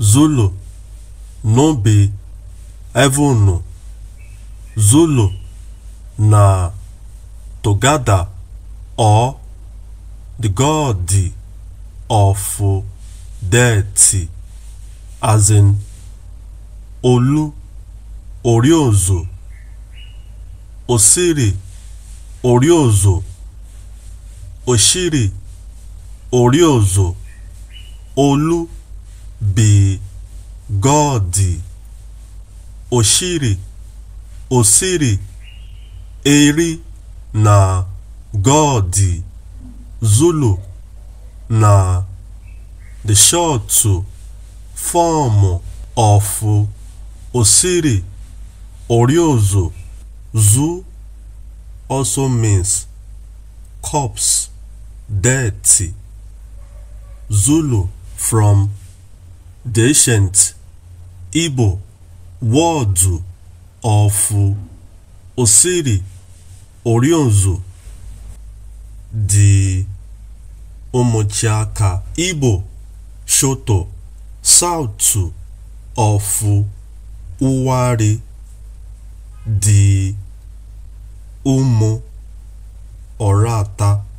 Zulu no be even Zulu na together or the god of death as in Olu, Oriozo, Osiri, Oriozo, Oshiri, Oriozo, Olu. bigọdì, oshiri, osiri, eri na goldị, Zulu na the short form of osiri (oriozo) Zuu also means corpse, death. Zulu from deshent Ibo wọọdụ ọfụ osiri orionzu dị ụmụchiaka Ibo shoto sautu ọfụ ụwarị dị ụmụ ọrata